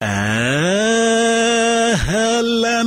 嗯。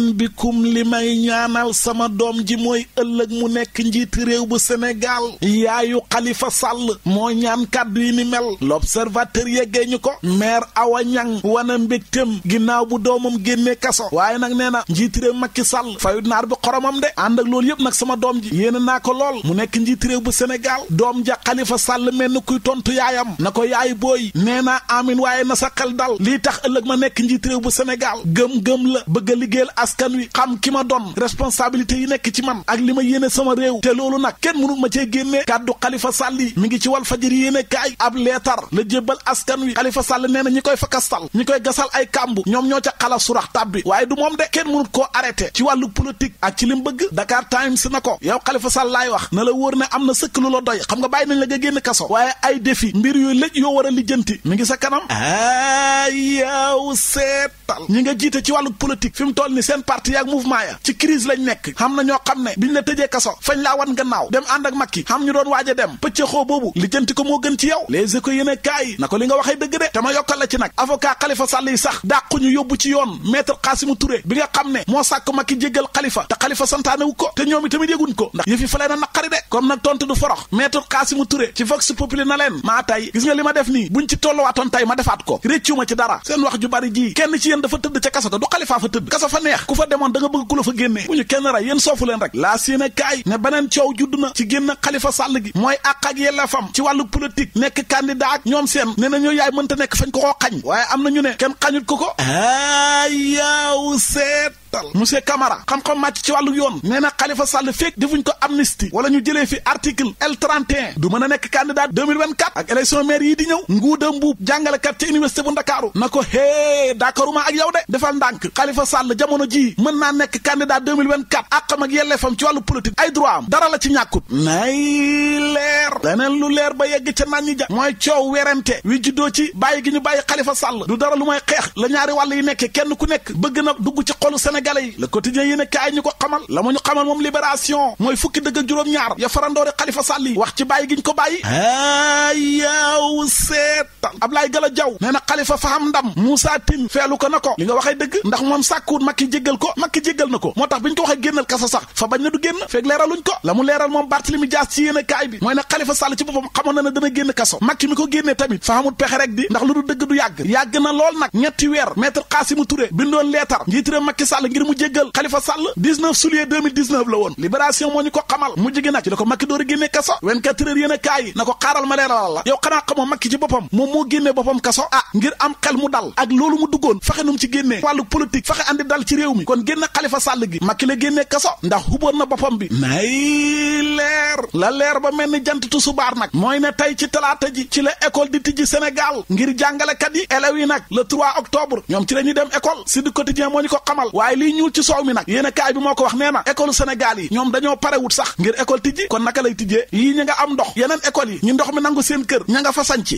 man bikum li may ñaanal sama doom ji mooy ëllëg mu nekk njiiti réew bu Sénégal yaayu xalifa Sall moo ñaan kàddu yi ni mel l'observateur yeggee ñu ko maire Awa Niang wana mbégtem ginnaaw bu doomam génne kaso waaye nag nee na njiiti réew Macky Sall fayut naar bi xoromam de ànd ak loolu yëpp nag sama doom ji yéene naa ko lool mu nekk njiiti réew bu Sénégal doom ja Khalifa Sall mel ni kuy tontu yaayam na ko yaay booy nee naa amin waaye na xel dal lii tax ëllëg ma nekk njiiti réew bu Sénégal gëm-gëm la a liggéeyal askan wi xam ki ma doon responsabilité yi nekk ci man ak li ma yéene sama réew te loolu nag kenn mënu ma cee génnee kàddu xalifa sàll mi ngi ci wal fajër yéene kaay ab leetar la jébbal askan wi xalifa sàll nee na ñi koy fakastal ñi koy gasal ay kàmbu ñoom ñoo ca xala surax tàbbi waaye du moom de kenn mënut koo arrêté ci wàllu politique ak ci li mu bëgg Dakar Times na ko yow xalifa sàll laay wax na la wóor ne am na sëkk lu la doy xam nga bàyyi nañ la nga génn kaso waaye ay défi mbir yooyu lëj yoo war a lijjanti mi ngi sa kanam a yow seetal ñi nga jiite ci wàllu politique fi mu toll ni seen parti yaak mouvement ya ci crise lañ nekk xam na ñoo xam ne biñ la tëjee kaso fañ laa wan gannaaw dem ànd ak Macky xam ñu doon waaj a dem pëccëxoo boobu lijjanti ko moo gën ci yow les éco yéen kaay na ko li nga waxee dëgg de te ma yokkal la ci nag avocat Khalifa Sall yi sax dàqu ñu yóbbu ci yoon maître mu Touré bi nga xam ne moo sàkk Macky jéggal xalifa te Khalifa santaane wu ko te ñoom itamit yëguñ ko ndax yëfi fa leen a naqari de comme nag tontu du forox maître Qassimu Touré ci vox populi na leen maa tey gis kenn ci yéen dafa tëdd ca kaso fa demoon da nga bëgg ku la fa génnee bu ñu kenn ray yéen soofu leen rek laa si ne beneen coow judd na ci génna xalifa sàll gi mooy àq ak yelleefam ci wàllu politique nekk candidat ak ñoom seen nena na yaay mënta nekk fañ ko koo xañ waaye am na ñu ne kenn xañut ko ko ayaw seet monsieur Camara xam-xam màcc ci wàllu yoon nee na Khalifa Sall fekk defuñ ko amnistie wala ñu jëlee fi article L31 du mën a nekk candidat 2024 ak élection maire yi di ñëw nguuda mbuub jàngalekat ca université bu Ndakaaru na ko hee ak yow de defal ndànk Khalifa Sall jamono ji kii mën naa nekk candidat 2024 àqam ak yelleefam ci wàllu politique ay droit dara la ci ñàkkut nay leer leneen lu leer ba yegg ca naan ñi ja mooy coow werante wi juddoo ci bàyyi gi ñu bàyyi Xalifa Sàll du dara lu mooy xeex la ñaari wàll yi nekkee kenn ku nekk bëgg na dugg ci xolu sénégalais yi le quotidien yéen a kaay ñu ko xamal la ma ñu xamal moom libération mooy fukki dëgg ak juróom-ñaar ya farandoori Xalifa Sàll yi wax ci bàyyi gi ñu ko bàyyi ayaw seet ndam Gala Jaw nee na faham ndam Moussa Tine feelu ko na ko li nga waxee dëgg ndax moom sàkkuwut Macky jéggal ko Macky jéggal na ko moo tax bi ko waxee génnal kasa sax fa bañ na du génn feeg leeraluñ ko la mu leeral moom Barthélemy Dias ci yéen a kaay bi mooy ne Xalifa Sall ci boppam xamoon na ne dana génn kaso Macky mi ko génnee tamit fa xamul di ndax lu du dëgg du yàgg yàgg na lool nag ñetti weer maître Qassimu mu jéggal Xalifa Sall 19 a génnee kaso na ko xaaral ma moo génnee boppam kaso ah ngir am xel mu dal ak loolu mu duggoon fexe nu mu ci génnee wàllu politique fexe andi dal ci réew mi kon génne Xalifa Sàll gi Macky la génnee kaso ndax xuboon na boppam bi nay leer la leer ba mel ni jant tusubaar nag mooy ne tey ci talaata ji ci la école di tijji Sénégal ngir jàngalekat yi élèves yi nag le 3 octobre ñoom ci la ñuy dem école si di du quotidien moo ñu ko xamal waaye liy ñuul ci soow mi nag yéen a kaay bi moo ko wax nee na école Sénégal yi ñoom dañoo parewut sax ngir école kon naka lay tijjee yii ñi nga am ndox yeneen école yi ñu ndox mi nangu seen kër ña nga fa sanc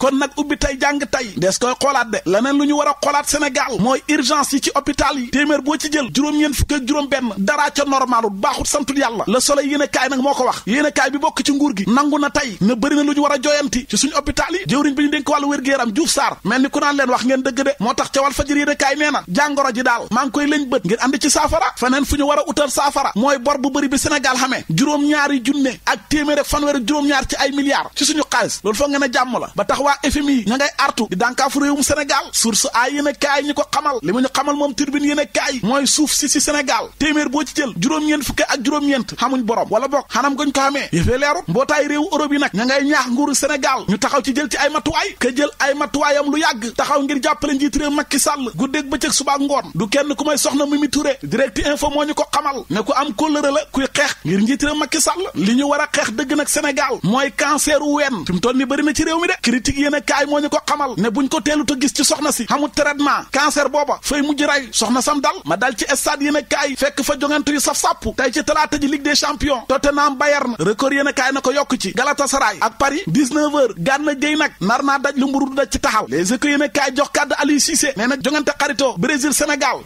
koy jàng tey des koy xoolaat de leneen lu ñu war a xoolaat Sénégal mooy urgence yi ci hôpital yi téeméer boo ci jël juróom ñeen fukk ak juróom-benn dara ca normalul baaxut santul yàlla Le Soleil yéen a kaay nag moo ko wax yéen a kaay bi bokk ci nguur gi nangu na tey na bëri na lu ñu war a jooyanti ci suñu hôpital yi jëwriñ bi ñu dénk wàllu wér-gu-yaram Diouf Sarr mel ni ku naan leen wax ngeen dëgg de moo tax ca wal fajar yéen a kaay nee na jàngoro ji daal maa ngi koy lañ bët ngeen andi ci saafara feneen fu ñu war a utal saafara mooy bor bu bëri bi Sénégal xamee juróom-ñaari junne ak téeméer ak fanweer juróom ci ay milliards ci suñu xaalis loolu foog ngeen a jàmm la ba tax waa FMI ña ngay artu di dànkaafu réewum Sénégal source a yéen a kaay ñu ko xamal li mu ñu xamal moom turbine yéen a mooy suuf si si Sénégal téeméer boo ci jël juróom-ñeent fukki ak juróom-ñeent borom wala bokk xanam goñ ko xamee yëfee leerut mbootaay réewu Europe yi nag ña ngay ñaax nguuru Sénégal ñu taxaw ci jël ci ay matuwaay ke jël ay matuwaayam lu yàgg taxaw ngir jàppale njiit réew Macky Sall guddeeg bëccëg suba ngoon du kenn ku may soxna Mimi Touré direct info moo ñu ko xamal ne ku am kóllëre la kuy xeex ngir njiit réew Macky Sall li ñu war a xeex dëgg nag Sénégal mooy cancer wen am fi ni bëri ci réew mi de critique yéen kaay moo ñu ko xamal ne buñ ko teelu ta gis ci soxna si xamul traitement cancer booba fay mujj ray soxna sam dal ma dal ci stade yéen a kaay fekk fa jongante yu saf sàpp tey ci talaata ji ligue des champions Tottenham Bayern record yéen kaay na ko yokk ci Galatasaray ak Paris 19 heures gànna nar naa daj lu mburu daj ci taxaw les éco yéen kaay jox kàddu Aliou Cissé nee jongante xaritoo Brésil Sénégal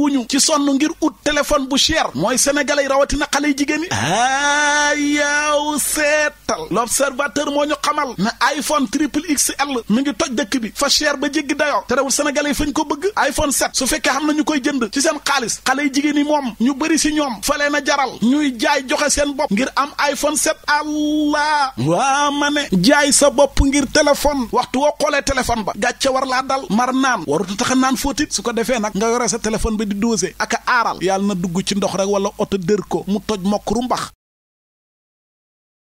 wuñu ci sonn ngir ut téléphone bu cher mooy sénégalais rawatina xale yi jigéen yi xamal l' observateur moo ñu xamal ne iPhone triple XL mi ngi toj dëkk bi fa cher ba jéggi dayoo te rewul sénégalais yi fa ñu ko bëgg iPhone 7 su fekkee xam na ñu koy jënd ci seen xaalis xale yi jigéen yi moom ñu bëri si ñoom fa leen a jaral ñuy jaay joxe seen bopp ngir am iPhone 7 allah waa ma ne jaay sa bopp ngir téléphone waxtu woo xoolee téléphone ba gàcce war laa dal mar naan warutu tax a naan fóotit su ko defee nag nga yore sa téléphone ba di dosé ak a aaral na dugg ci ndox rek wala oto ko mu toj mokk ru